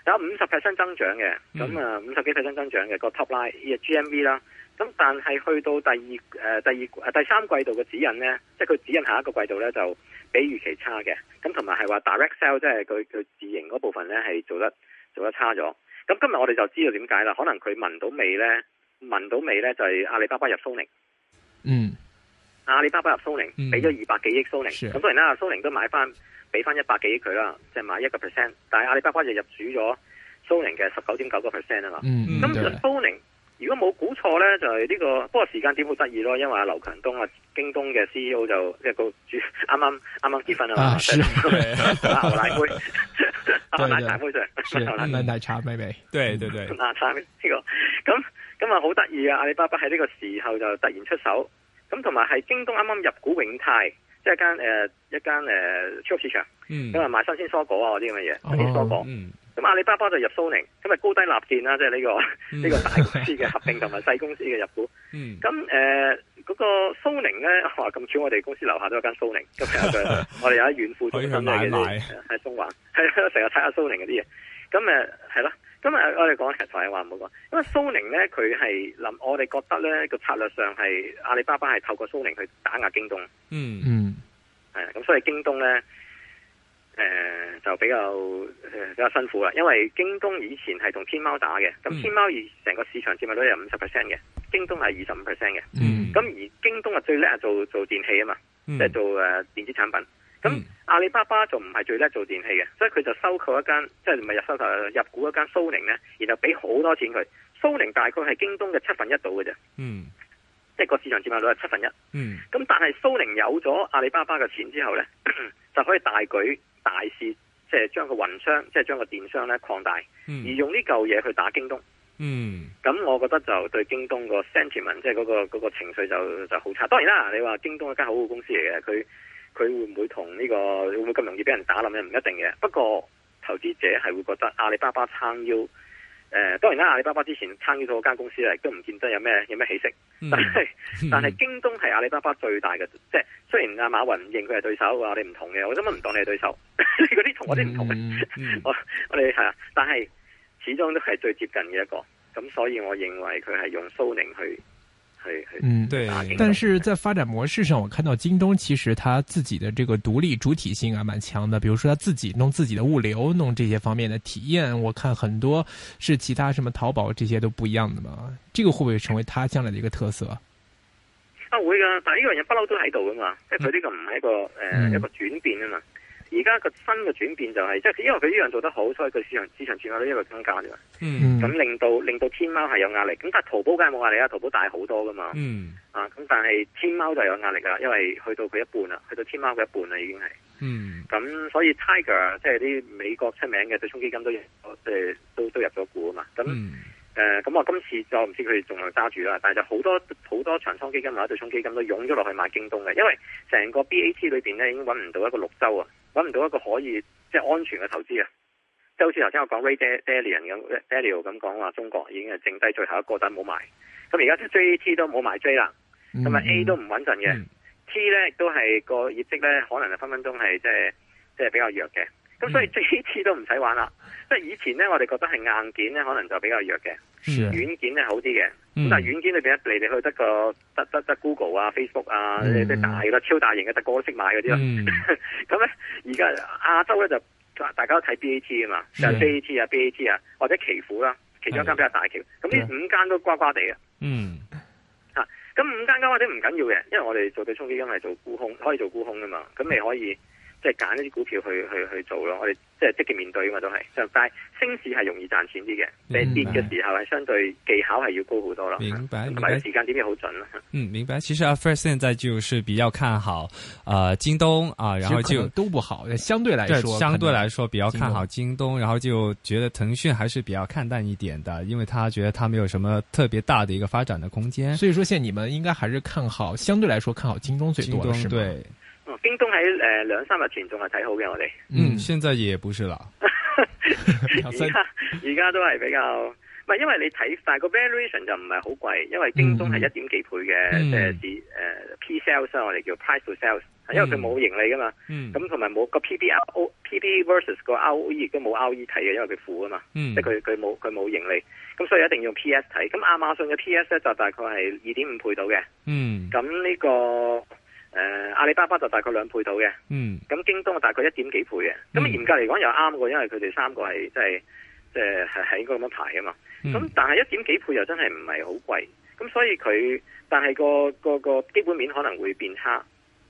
有五十 percent 增長嘅，咁啊、嗯，五十幾 percent 增長嘅個 top line GMV 啦。咁但係去到第二誒、呃、第二誒、啊、第三季度嘅指引咧，即係佢指引下一個季度咧就比預期差嘅。咁同埋係話 direct sell 即係佢佢自營嗰部分咧係做得做得差咗。咁今日我哋就知道點解啦，可能佢聞到味咧，聞到味咧就係、是、阿里巴巴入蘇寧，嗯。阿里巴巴入蘇寧，俾咗二百幾億蘇寧，咁當然啦，蘇寧都買翻，俾翻一百幾億佢啦，即係買一個 percent。但係阿里巴巴就入主咗蘇寧嘅十九點九個 percent 啊嘛。咁個蘇寧如果冇估錯咧，就係呢個，不過時間點好得意咯，因為阿劉強東啊，京東嘅 CEO 就一個主，啱啱啱啱結婚啊嘛，啊，我奶杯，我奶奶杯上奶茶妹妹，對對對，奶茶呢個，咁咁啊好得意啊！阿里巴巴喺呢個時候就突然出手。咁同埋係京東啱啱入股永泰，即係一間誒，一間誒，超級市場，因為賣新鮮蔬果啊嗰啲咁嘅嘢，新鮮蔬果。咁阿里巴巴就入蘇寧，咁啊高低立戰啦，即係呢個呢個大公司嘅合併同埋細公司嘅入股。咁，誒嗰個蘇寧咧，咁遠，我哋公司樓下都有間蘇寧，我哋有啲遠富中心嗰啲喺中環，係成日睇下蘇寧嗰啲嘢。咁誒係啦。咁啊、嗯，我哋講其實台嘅話唔好講，因為蘇寧咧佢係諗，我哋覺得咧個策略上係阿里巴巴係透過蘇寧去打壓京東，嗯嗯，係、嗯、咁、嗯，所以京東咧，誒、呃、就比較、呃、比較辛苦啦，因為京東以前係同天貓打嘅，咁天貓而成個市場佔有率有五十 percent 嘅，京東係二十五 percent 嘅，咁、嗯、而京東啊最叻做做電器啊嘛，嗯、即係做誒電子產品。咁、嗯、阿里巴巴就唔係最叻做電器嘅，所以佢就收購一間，即係唔係入收入股一間蘇寧呢，然後俾好多錢佢。蘇寧大概係京東嘅七分一度嘅啫，嗯，即係個市場占有率係七分一，嗯。咁但係蘇寧有咗阿里巴巴嘅錢之後呢， 就可以大舉大肆即係將個雲商，即係將個電商呢擴大，嗯、而用呢嚿嘢去打京東，嗯。咁我覺得就對京東個 sentiment，即係嗰個個情緒就就好差。當然啦，你話京東一間好好公司嚟嘅，佢。佢會唔會同呢個會唔會咁容易俾人打冧咧？唔一定嘅。不過投資者係會覺得阿里巴巴撐腰。誒、呃，當然啦，阿里巴巴之前撐腰嗰間公司咧，都唔見得有咩有咩起色。嗯、但係是但係，京東係阿里巴巴最大嘅。即係、嗯、雖然阿馬雲認佢係對手，話我哋唔同嘅。我根本唔當你係對手，你嗰啲同的、嗯、 我啲唔同嘅。我我哋係啊，但係始終都係最接近嘅一個。咁所以，我認為佢係用蘇寧去。嗯，對，但是在發展模式上，我看到京東其實它自己的這個獨立主體性啊，蠻強的。比如說，它自己弄自己的物流，弄這些方面的體驗，我看很多是其他什麼淘寶這些都不一樣的嘛。這個會不會成為它將來的一個特色？啊，會噶，但呢樣嘢不嬲都喺度噶嘛，即係佢呢個唔係一個誒、呃嗯、一個轉變啊嘛。而家個新嘅轉變就係、是，即係因為佢呢樣做得好，所以佢市，市場市場轉化都一路增加嘅。嗯，咁令到令到天貓係有壓力，咁但係淘寶梗係冇壓力啊！淘寶大好多噶嘛。嗯，啊，咁但係天貓就有壓力啦，因為去到佢一半啦，去到天貓嘅一半啦已經係。嗯，咁所以 Tiger 即係啲美國出名嘅對沖基金都即係都都入咗股啊嘛。咁。嗯誒，咁、呃、我今次就唔知佢哋仲係揸住啦，但係就好多好多長倉基金或者對沖基金都湧咗落去買京東嘅，因為成個 B A T 裏邊咧，已經揾唔到一個綠洲啊，揾唔到一個可以即係安全嘅投資啊，即係好似頭先我講 Ray Dalio 咁，Dalio 咁講話中國已經係剩低最後一個，但冇買，咁而家即係 J T 都冇買 J 啦，咁啊 A 都唔穩陣嘅，T 咧亦都係個業績咧，可能係分分鐘係即係即係比較弱嘅。咁、嗯、所以呢次都唔使玩啦，即係以前咧，我哋覺得係硬件咧可能就比較弱嘅，軟的件咧好啲嘅。咁、嗯、但係軟件裏邊一嚟去去得個得得得 Google 啊、Facebook 啊，嗯、你啲大啦，超大型嘅，特個都識買嗰啲咯。咁咧而家亞洲咧就大家都睇 BAT 啊嘛，的就 BAT 啊、BAT 啊或者奇虎啦，其中一間比較大條。咁呢五間都瓜瓜地、嗯、啊。嗯。吓，咁五間間或者唔緊要嘅，因為我哋做對沖基金係做沽空，可以做沽空噶嘛，咁你可以。即係揀一啲股票去去去做咯，我哋即係積極面對噶嘛都係，但係升市係容易賺錢啲嘅，你白跌嘅時候係相對技巧係要高好多咯。明白，買、啊、時間點嘢好準咯。嗯，明白。其實阿、啊、Fred 現在就是比較看好啊、呃、京東啊，然後就都不好，相對來說，對相對來說比較看好京東，然後就覺得騰訊還是比較看淡一點的，因為他覺得他沒有什麼特別大的一個發展的空間。所以說，現在你們應該還是看好，相對來說看好京東最多，是嗎？京東喺誒、呃、兩三日前仲係睇好嘅我哋，嗯，現在也不是啦，而家而家都係比較，唔係，因為你睇但係個 valuation 就唔係好貴，因為京東係一點幾倍嘅，即係指誒 P sales 我哋叫 price to sales，、嗯、因為佢冇盈利噶嘛，咁同埋冇個 PBR O P、B、versus 個 ROE 亦都冇 ROE 睇嘅，因為佢負啊嘛，嗯、即係佢佢冇佢冇盈利，咁所以一定要用 PS 睇，咁亞馬遜嘅 PS 就大概係二點五倍到嘅，嗯，咁呢、呢個。誒、呃，阿里巴巴就大概兩倍到嘅，咁、嗯、京東大概一點幾倍嘅。咁、嗯、嚴格嚟講又啱嘅，因為佢哋三個係即係即係係應該咁樣排啊嘛。咁、嗯、但係一點幾倍又真係唔係好貴。咁所以佢，但係個個個，個基本面可能會變差。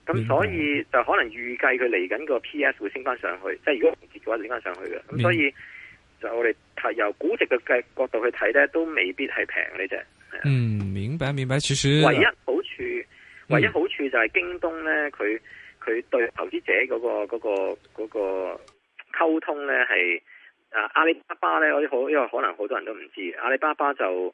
咁所以就可能預計佢嚟緊個 P/S 會升翻上去。明白即係，如果唔跌嘅話，升翻上去嘅。咁明白所以就我哋由估值嘅角度去睇咧，都未必係平嘅啫。嗯，明白明白。其實唯一好處。唯一好處就係京東咧，佢佢對投資者嗰個嗰個嗰個溝通咧係啊，阿里巴巴咧，我哋因為可能好多人都唔知阿里巴巴就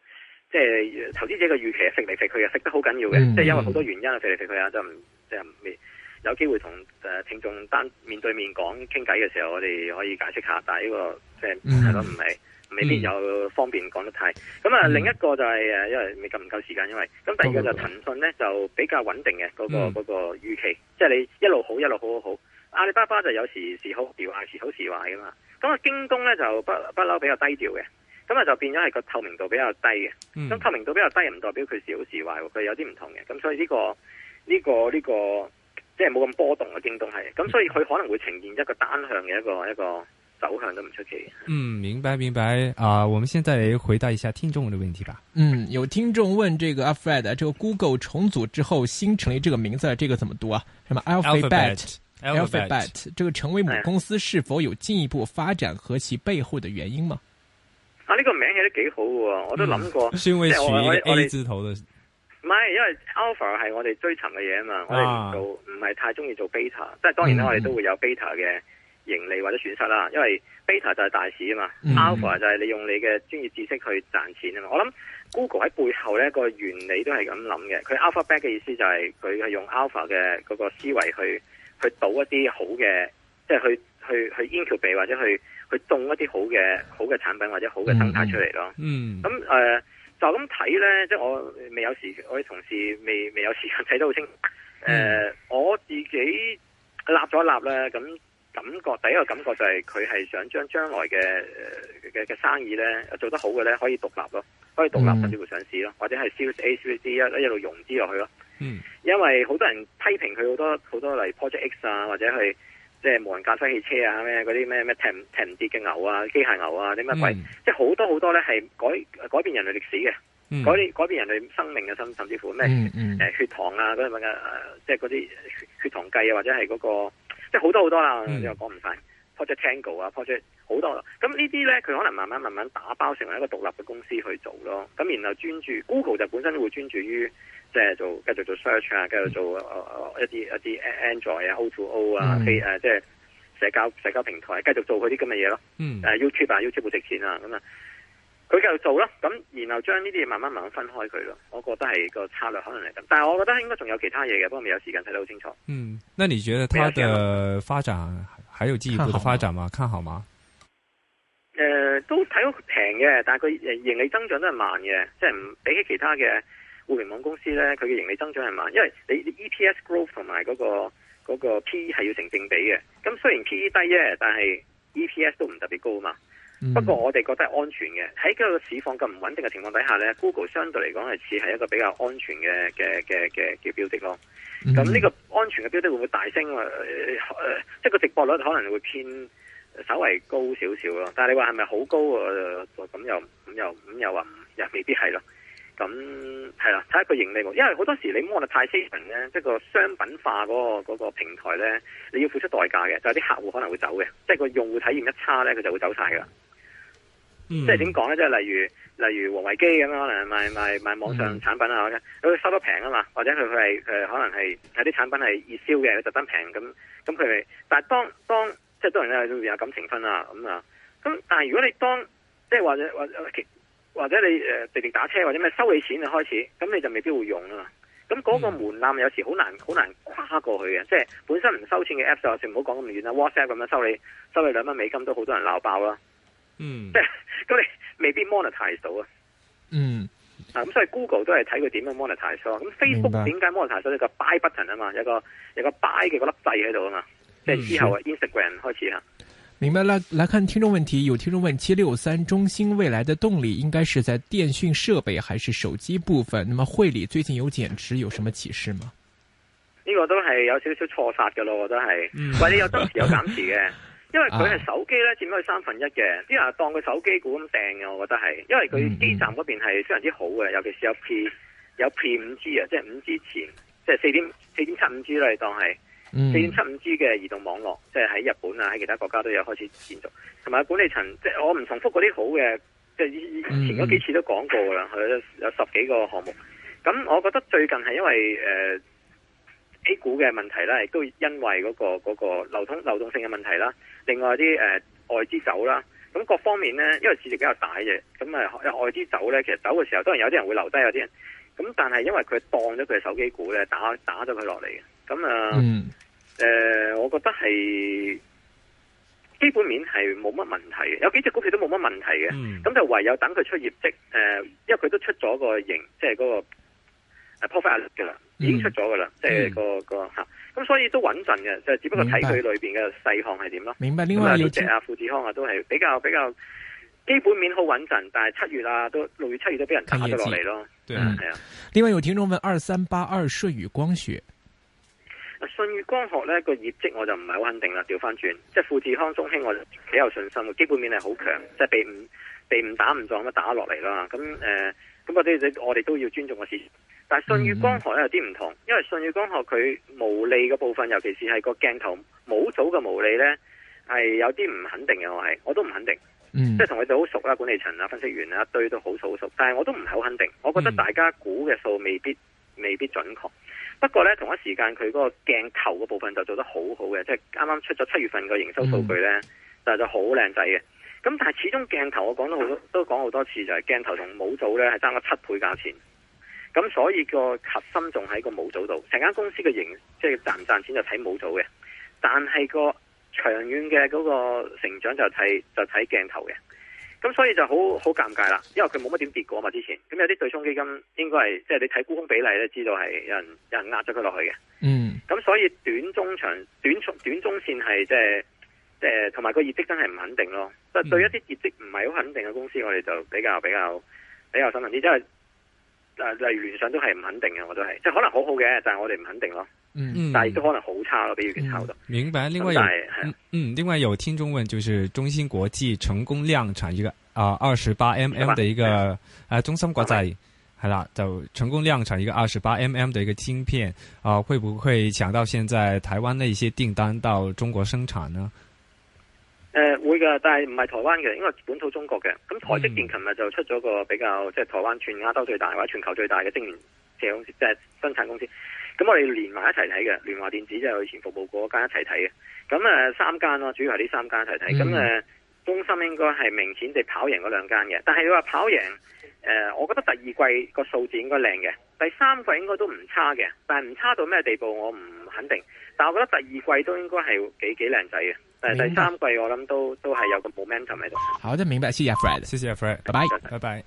即係投資者嘅預期係，食嚟食去啊，食得好緊要嘅，即係因為好多原因啊，食嚟食去啊，就唔即係未有機會同誒聽眾單面對面講傾偈嘅時候，我哋可以解釋下，但呢個即係係咯唔係。嗯嗯、未必有方便講得太咁啊！另一個就係、是、誒，嗯、因為未夠唔夠時間，因為咁第二個就騰訊咧就比較穩定嘅嗰、那個嗰預、嗯、期，即、就、係、是、你一路好一路好好好。阿里巴巴就有時時好時壞，時好時壞㗎嘛。咁啊，京東咧就不不嬲比較低調嘅，咁啊就變咗係個透明度比較低嘅。咁、嗯、透明度比較低唔代表佢時好時壞，佢有啲唔同嘅。咁所以呢、這個呢、這個呢、這個即係冇咁波動嘅京東係。咁所以佢可能會呈現一個單向嘅一個一個。一個走向都唔出奇。嗯，明白明白啊！我們現在回答一下聽眾的問題吧。嗯，有聽眾問這個 Alphabet 這個 Google 重組之後新成立這個名字、啊，這個怎麼讀啊？什麼 Alphabet？Alphabet 這個成為母公司是否有進一步發展和其背後的原因嗎？啊，呢、這個名起得幾好嘅，我都諗過。是因為取 A 字頭的？唔係，因為 Alpha 係我哋追尋嘅嘢啊嘛，我哋做唔係、啊、太中意做 Beta，即係當然咧、嗯，我哋都會有 Beta 嘅。盈利或者損失啦，因為 beta 就係大市啊嘛、嗯，alpha 就係你用你嘅專業知識去賺錢啊嘛。我諗 Google 喺背後咧，個原理都係咁諗嘅，佢 alphabet 嘅意思就係佢係用 alpha 嘅嗰個思維去去賭一啲好嘅，即係去去去 incubate 或者去去動一啲好嘅好嘅產品或者好嘅生態出嚟咯、嗯。嗯，咁誒、呃、就咁睇咧，即係我未有時，我啲同事未未有時間睇得好清。誒、呃，我自己立咗一立啦，咁。感覺第一個感覺就係佢係想將將來嘅嘅嘅生意咧做得好嘅咧可以獨立咯，可以獨立，可以獨立、嗯、甚至乎上市咯，或者係燒 A c 啲一一路融資落去咯。嗯，因為好多人批評佢好多好多嚟 Project X 啊，或者係即係無人駕駛汽車啊，咩嗰啲咩咩停停唔跌嘅牛啊，機械牛啊啲乜鬼，即係好多好多咧係改改變人類歷史嘅，改、嗯、改變人類生命嘅，甚甚至乎咩、嗯嗯、血糖啊嗰啲咁嘅，即係嗰啲血糖計啊或者係嗰、嗰個。即係好多好多啦，又講唔晒 Project Tango 啊 Project 好多啦。咁呢啲咧，佢可能慢慢慢慢打包成為一個獨立嘅公司去做咯。咁然後專注 Google 就本身會專注於，即係做繼續做 search 啊，繼續做，arch，繼續做、呃、一啲一啲 Android 啊，O to O 啊，l 啊，mm. 即係社交社交平台，繼續做佢啲咁嘅嘢咯。嗯、mm. 啊、YouTube 啊，YouTube 好值錢啊，咁啊。佢就做咯，咁然後將呢啲嘢慢慢慢慢分開佢咯。我覺得係個策略可能係咁，但係我覺得應該仲有其他嘢嘅，不過未有時間睇得好清楚。嗯，那你覺得它的發展還有進一步的發展嗎？看好嗎？誒、呃，都睇到平嘅，但係佢盈利增長咧慢嘅，即係唔比起其他嘅互聯網公司咧，佢嘅盈利增長係慢，因為你的 E P S growth 同埋嗰個、那個 P 係要成正比嘅。咁雖然 P E 低啫，但係 E P S 都唔特別高嘛。不過我哋覺得係安全嘅，喺個市況咁唔穩定嘅情況底下呢，Google 相對嚟講係似係一個比較安全嘅嘅嘅嘅嘅標的咯。咁呢、嗯、個安全嘅標的會唔會大升？呃呃、即係個直播率可能會偏、呃、稍為高少少咯。但係你話係咪好高咁又咁又咁又話又未必係咯。咁係啦，睇下佢盈利。因為好多時你摩納太斯騰咧，即係個商品化嗰個平台呢，你要付出代價嘅，就係、是、啲客戶可能會走嘅，即係個用戶體驗一差呢，佢就會走晒噶。嗯、即係點講咧？即係例如，例如王維基咁樣，可能賣賣賣，賣網上產品啊，嗯、或者佢收得平啊嘛，或者佢佢係誒，可能係有啲產品係熱銷嘅，佢特登平咁咁佢。但係當當，當即係當然會有感情分啊咁啊。咁但係如果你當即係或者或者或者你誒滴滴打車或者咩收你錢就開始，咁你就未必會用啊。咁嗰個門檻有時好難好難跨過去嘅。即係本身唔收錢嘅 app 就算，唔好講咁遠啦。WhatsApp 咁樣收你收你兩蚊美金都好多人鬧爆啦。嗯，即係咁你未必 monetize 到啊。嗯，啊咁所以 Google 都係睇佢點樣 monetize 咁 Facebook 點解 m o 白 n e t i z e 呢？就、啊、Buy Button 啊嘛，有個一個 Buy 嘅粒掣喺度啊嘛。即係之後啊，Instagram 開始啊、嗯。明白。來來看聽眾問題，有聽眾問：七六三中興未來的動力應該是在電訊設備還是手機部分？那麼匯理最近有減持，有什麼啟示嗎？呢個都係有少少錯殺噶咯，都係。喂、嗯，為你有增持有減持嘅。 因為佢係手機咧，佔咗三分一嘅，啲人、啊、當佢手機股咁掟嘅，我覺得係，因為佢基站嗰邊係非常之好嘅，嗯嗯、尤其是有 P 有 P 五 G 啊，即係五 G 前，即係四點四點七五 G 啦，你當係四點七五 G 嘅移動網絡，即係喺日本啊，喺其他國家都有開始建造，同埋管理層，即、就、係、是、我唔重複嗰啲好嘅，即係以前嗰幾次都講過啦，佢、嗯嗯、有十幾個項目，咁我覺得最近係因為誒。呃 A 股嘅問題咧，亦都因為嗰、那個嗰、那個流通流動性嘅問題啦。另外啲誒、呃、外資走啦，咁各方面呢，因為市值比較大嘅，咁啊，外資走呢，其實走嘅時候當然有啲人會留低，有啲人，咁但係因為佢當咗佢嘅手機股呢，打打咗佢落嚟嘅，咁啊，誒、呃 mm. 呃，我覺得係基本面係冇乜問題嘅，有幾隻股票都冇乜問題嘅，咁、mm. 就唯有等佢出業績，誒、呃，因為佢都出咗個盈，即係嗰個 profit alert 嘅啦。嗯、已經出咗噶啦，即、就、係、是、個個吓，咁、嗯嗯、所以都穩陣嘅，就只不過睇佢裏邊嘅細項係點咯。明白。另外都謝阿富智康啊，都係比較比較基本面好穩陣，但係七月啊都六月七月都俾人打咗落嚟咯。係、嗯、啊。另外有聽眾問：二三八二舜宇光學。舜宇光學咧個業績我就唔係好肯定啦，調翻轉，即、就、係、是、富智康、中興我幾有信心嘅，基本面係好強，即、就、係、是、被誤被誤打誤撞咁打落嚟啦。咁誒，咁、呃、我哋我哋都要尊重個市。但係舜宇光學咧有啲唔同，因為舜宇光學佢毛利嘅部分，尤其是係個鏡頭模組嘅毛利咧，係有啲唔肯定嘅。我係我都唔肯定，嗯、即係同佢哋好熟啦，管理層啦、分析員啦，一堆都好熟好熟。但係我都唔係好肯定，我覺得大家估嘅數未必、嗯、未必準確。不過咧，同一時間佢嗰個鏡頭嘅部分就做得很好好嘅，即係啱啱出咗七月份嘅營收數據咧、嗯，但係就好靚仔嘅。咁但係始終鏡頭，我講都好多，都講好多次，就係、是、鏡頭同模組咧係爭咗七倍價錢。咁所以個核心仲喺個模組度，成間公司嘅盈即係賺唔賺錢就睇模組嘅。但係個長遠嘅嗰個成長就睇就睇鏡頭嘅。咁所以就好好尷尬啦，因為佢冇乜點跌過嘛之前嘛。咁有啲對沖基金應該係即係你睇沽空比例咧，知道係有人有人壓咗佢落去嘅。嗯。咁所以短中長短中短中綫係即係即係同埋個業績真係唔肯定咯。嗯、對一啲業績唔係好肯定嘅公司，我哋就比較比較比較慎慎啲，因為。例、呃、例如原上都係唔肯定嘅，我都係，即係可能很好好嘅，但係我哋唔肯定咯。嗯，嗯但係都可能好差咯，比如佢炒到、嗯。明白，另外有，是嗯，另外有聽眾問，就是中芯國際成功量產一個啊二十八 mm 的一個 28, 啊中芯國際，係啦 28, 的，就成功量產一個二十八 mm 的一個芯片啊、呃，會唔會搶到現在台灣那些訂單到中國生產呢？誒、呃，會噶，但係唔係台灣嘅，因為本土中國嘅。咁台積電琴日就出咗個比較，即係台灣全亞洲最大或者全球最大嘅晶圓廠，即係生產公司。咁我哋連埋一齊睇嘅，聯華電子即係我以前服務過嗰間一齊睇嘅。咁誒，三間咯，主要係呢三間一齊睇。咁誒，中芯應該係明顯地跑贏嗰兩間嘅。但係你話跑贏，誒、呃，我覺得第二季個數字應該靚嘅，第三季應該都唔差嘅，但係唔差到咩地步我唔肯定。但係我覺得第二季都應該係幾幾靚仔嘅。第三季我諗都都係有個 momentum 喺度。好，即係明白，謝謝阿 Fred，謝謝阿 Fred，拜拜，拜拜。